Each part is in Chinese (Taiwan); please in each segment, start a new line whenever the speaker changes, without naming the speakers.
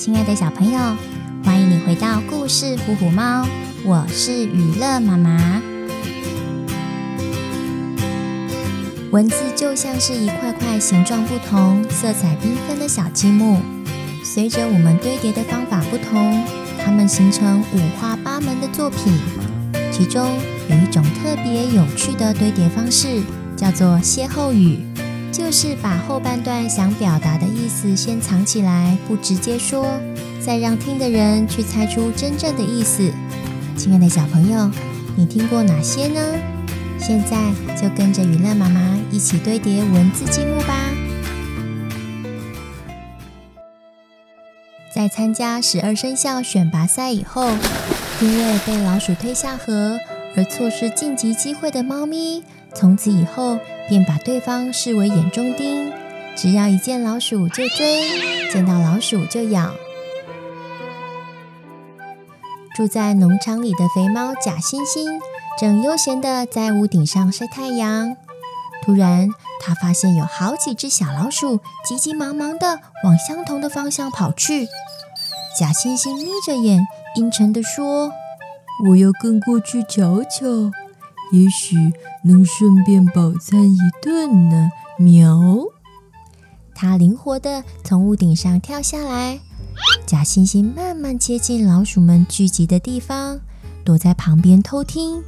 親愛的小朋友，歡迎你回到故事《虎虎貓》，我是予樂媽媽。文字就像是一塊塊形狀不同、色彩繽紛的小積木，隨着我們堆疊的方法不同，它們形成五花八門的作品。其中有一種特別有趣的堆疊方式，叫做歇後語。就是把後半段想表達的意思先藏起來，不直接說，再讓聽的人去猜出真正的意思。親愛的小朋友，你聽過哪些呢？現在就跟着娛樂媽媽一起堆疊文字積木吧。在參加十二生肖選拔賽以後，因為被老鼠推下河而錯失晉級機會的貓咪。從此以後，便把對方視為眼中釘，只要一見老鼠就追，見到老鼠就咬。住在農場裡的肥貓假惺惺，正悠閒地在屋頂上曬太陽。突然，它發現有好幾隻小老鼠急急忙忙地往相同的方向跑去。假惺惺眯着眼，陰沉地說：“我要跟過去瞧瞧。”也許能順便飽餐一頓呢。喵！它靈活地從屋頂上跳下來，假惺惺慢慢接近老鼠們聚集的地方，躲在旁邊偷聽。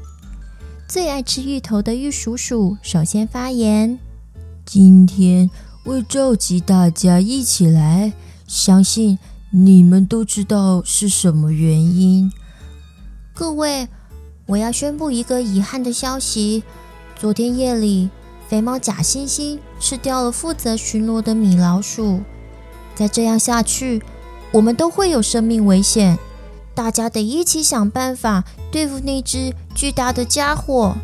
最愛吃芋頭的芋鼠鼠首先發言：“今天會召集大家一起來，相信你們都知道是什麼原因。各位。”我要宣布一個遺憾的消息。昨天夜裡，肥貓假惺惺吃掉了負責巡邏的米老鼠。再這樣下去，我們都會有生命危險。大家得一起想辦法對付那隻巨大的家伙。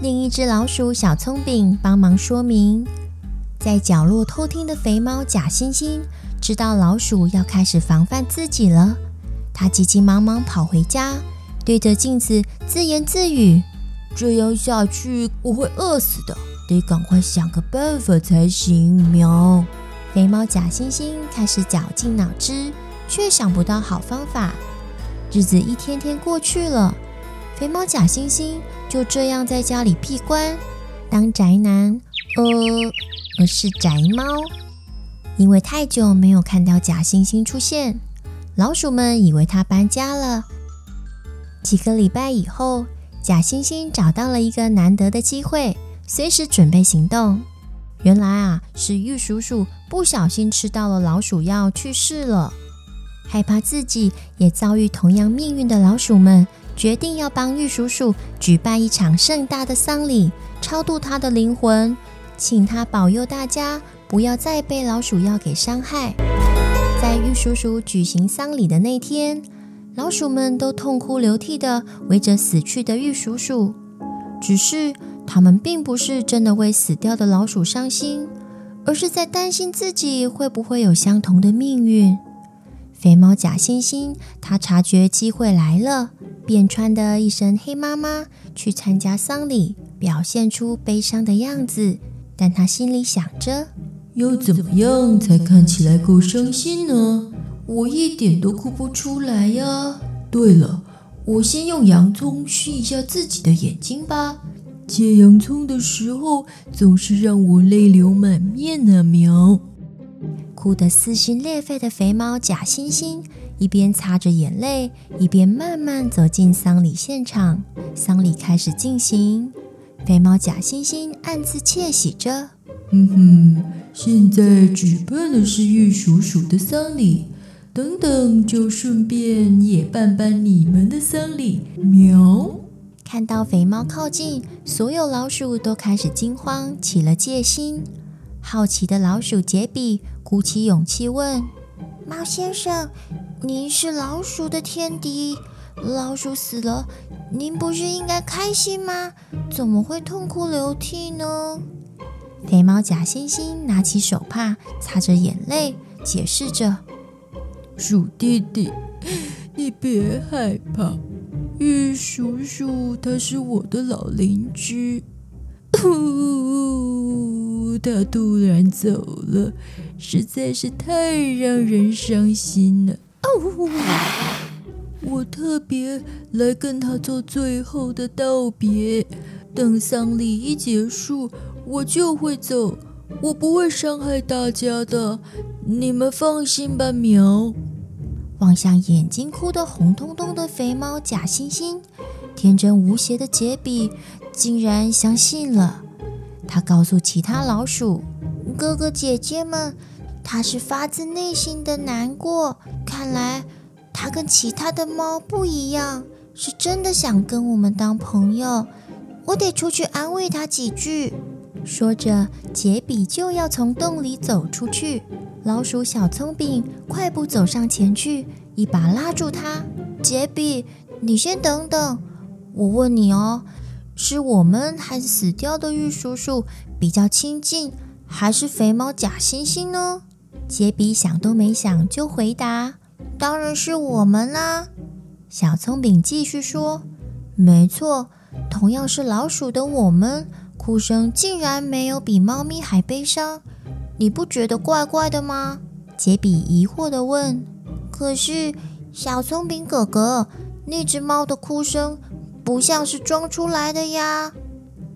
另一隻老鼠小蔥餅幫忙說明。在角落偷聽的肥貓假惺惺知道老鼠要開始防範自己了，他急急忙忙跑回家。對着鏡子自言自語：“這樣下去我會餓死的，得趕快想個辦法才行。”喵，肥貓假惺惺開始絞盡腦汁，卻想不到好方法。日子一天天過去了，肥貓假惺惺就這樣在家裡閉關，當宅男。呃，而是宅貓，因為太久沒有看到假惺惺出現，老鼠們以為它搬家了。幾個禮拜以後，假惺惺找到了一個難得的機會，隨時準備行動。原來啊，是玉鼠鼠不小心吃到了老鼠藥，去世了。害怕自己也遭遇同樣命運的老鼠們，決定要幫玉鼠鼠舉辦一場盛大的喪禮，超度他的靈魂，請他保佑大家不要再被老鼠藥給傷害。在玉鼠鼠舉行喪禮的那天。老鼠們都痛哭流涕地圍着死去的玉鼠鼠，只是它們並不是真的為死掉的老鼠傷心，而是在擔心自己會不會有相同的命運。肥貓假惺惺，他察覺機會來了，便穿得一身黑媽媽去參加喪禮，表現出悲傷的樣子。但他心裡想着，又怎麼樣才看起來夠傷心呢？我一點都哭不出來呀。對了，我先用洋蔥燻一下自己的眼睛吧。切洋蔥的時候總是讓我淚流滿面呢、啊。喵！哭得撕心裂肺的肥貓假惺惺，一邊擦着眼淚，一邊慢慢走進喪禮現場。喪禮開始進行，肥貓假惺惺暗自竊喜着：“哼、嗯、哼，現在舉辦的是玉鼠鼠的喪禮。”等等，就順便也辦辦你們的喪禮。喵！看到肥貓靠近，所有老鼠都開始驚慌，起了戒心。好奇的老鼠傑比鼓起勇氣問：“貓先生，您是老鼠的天敵，老鼠死了，您不是應該開心嗎？怎麼會痛哭流涕呢？”肥貓假惺惺拿起手帕擦着眼淚，解釋着。鼠弟弟，你別害怕，玉叔叔他是我的老鄰居， 他突然走了，實在是太讓人傷心了。我特別來跟他做最後的道別，等喪禮一結束，我就會走，我不會傷害大家的，你們放心吧，喵。望向眼睛哭得紅彤彤的肥貓假惺惺，天真無邪的傑比竟然相信了。他告訴其他老鼠：“哥哥姐姐們，他是發自內心的難過。看來他跟其他的貓不一樣，是真的想跟我們當朋友。我得出去安慰他幾句。”說着，傑比就要從洞裡走出去。老鼠小蔥餅快步走上前去，一把拉住他：“杰比，你先等等，我問你哦，是我們還是死掉的玉叔叔比較親近，還是肥貓假惺惺呢？”杰比想都沒想就回答：“當然是我們啦、啊！”小蔥餅繼續說：“沒錯，同樣是老鼠的我們，哭聲竟然沒有比貓咪還悲傷。”你不覺得怪怪的嗎？杰比疑惑地問。可是，小蔥餅哥哥，那只貓的哭聲不像是裝出來的呀。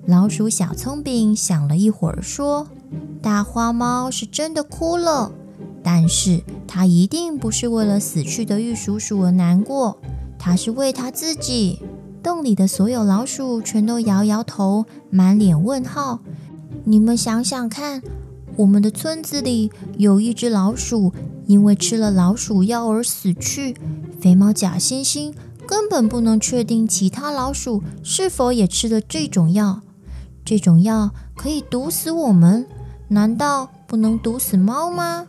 老鼠小蔥餅想了一會兒，說：“大花貓是真的哭了，但是它一定不是為了死去的玉鼠鼠而難過，它是為它自己。”洞裡的所有老鼠全都搖搖頭，滿臉問號。你們想想看。我們的村子裡有一隻老鼠，因為吃了老鼠藥而死去。肥貓假惺惺，根本不能確定其他老鼠是否也吃了這種藥。這種藥可以毒死我們，難道不能毒死貓嗎？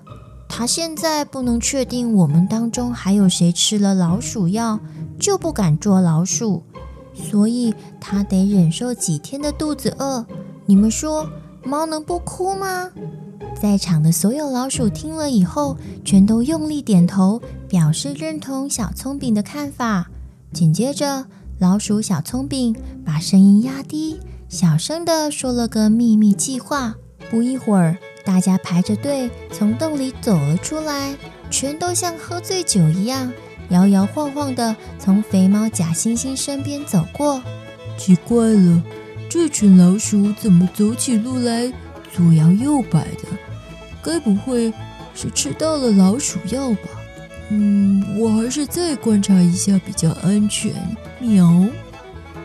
他現在不能確定我們當中還有誰吃了老鼠藥，就不敢捉老鼠，所以他得忍受幾天的肚子餓。你們說？貓能不哭嗎？在場的所有老鼠聽了以後，全都用力點頭，表示認同小蔥餅的看法。緊接着，老鼠小蔥餅把聲音壓低，小聲地說了個秘密計劃。不一會兒，大家排着隊從洞裡走了出來，全都像喝醉酒一樣，搖搖晃晃地從肥貓假惺惺身邊走過。奇怪了。這群老鼠怎麼走起路來左搖右擺的？該不會是吃到了老鼠藥吧？嗯，我還是再觀察一下比較安全。喵，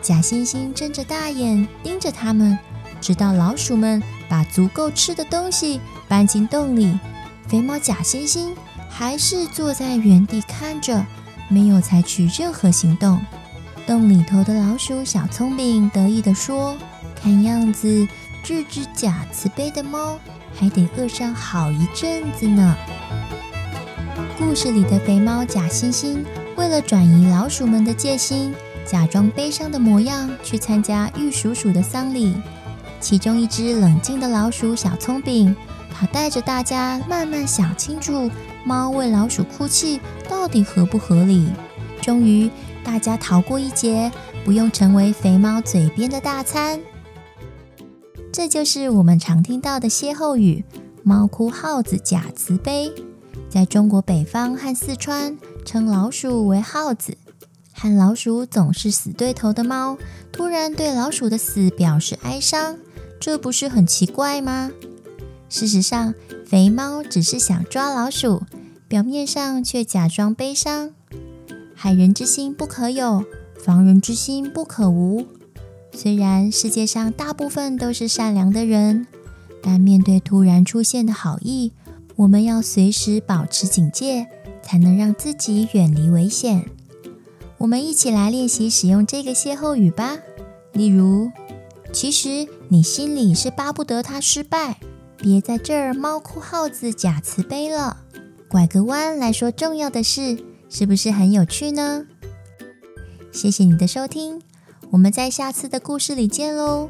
假惺惺睜着大眼盯着它們，直到老鼠們把足夠吃的東西搬進洞裡。肥貓假惺惺還是坐在原地看着，沒有採取任何行動。洞裡頭的老鼠小蔥餅得意地說：“看樣子這隻假慈悲的貓還得餓上好一陣子呢。”故事裡的肥貓假惺惺，為了轉移老鼠們的戒心，假裝悲傷的模樣去參加玉鼠鼠的喪禮。其中一隻冷靜的老鼠小蔥餅，它帶着大家慢慢想清楚，貓為老鼠哭泣到底合不合理。終於。大家逃過一劫，不用成為肥貓嘴邊的大餐。這就是我們常聽到的歇後語：貓哭耗子假慈悲。在中國北方和四川，稱老鼠為耗子，和老鼠總是死對頭的貓，突然對老鼠的死表示哀傷，這不是很奇怪嗎？事實上，肥貓只是想抓老鼠，表面上卻假裝悲傷。害人之心不可有，防人之心不可無。雖然世界上大部分都是善良的人，但面對突然出現的好意，我們要隨時保持警戒，才能讓自己遠離危險。我們一起來練習使用這個歇後語吧。例如，其實你心裡是巴不得他失敗，別在這兒貓哭耗子假慈悲了，拐個彎來說重要的事。是不是很有趣呢？謝謝你的收聽，我們在下次的故事裡見嘍。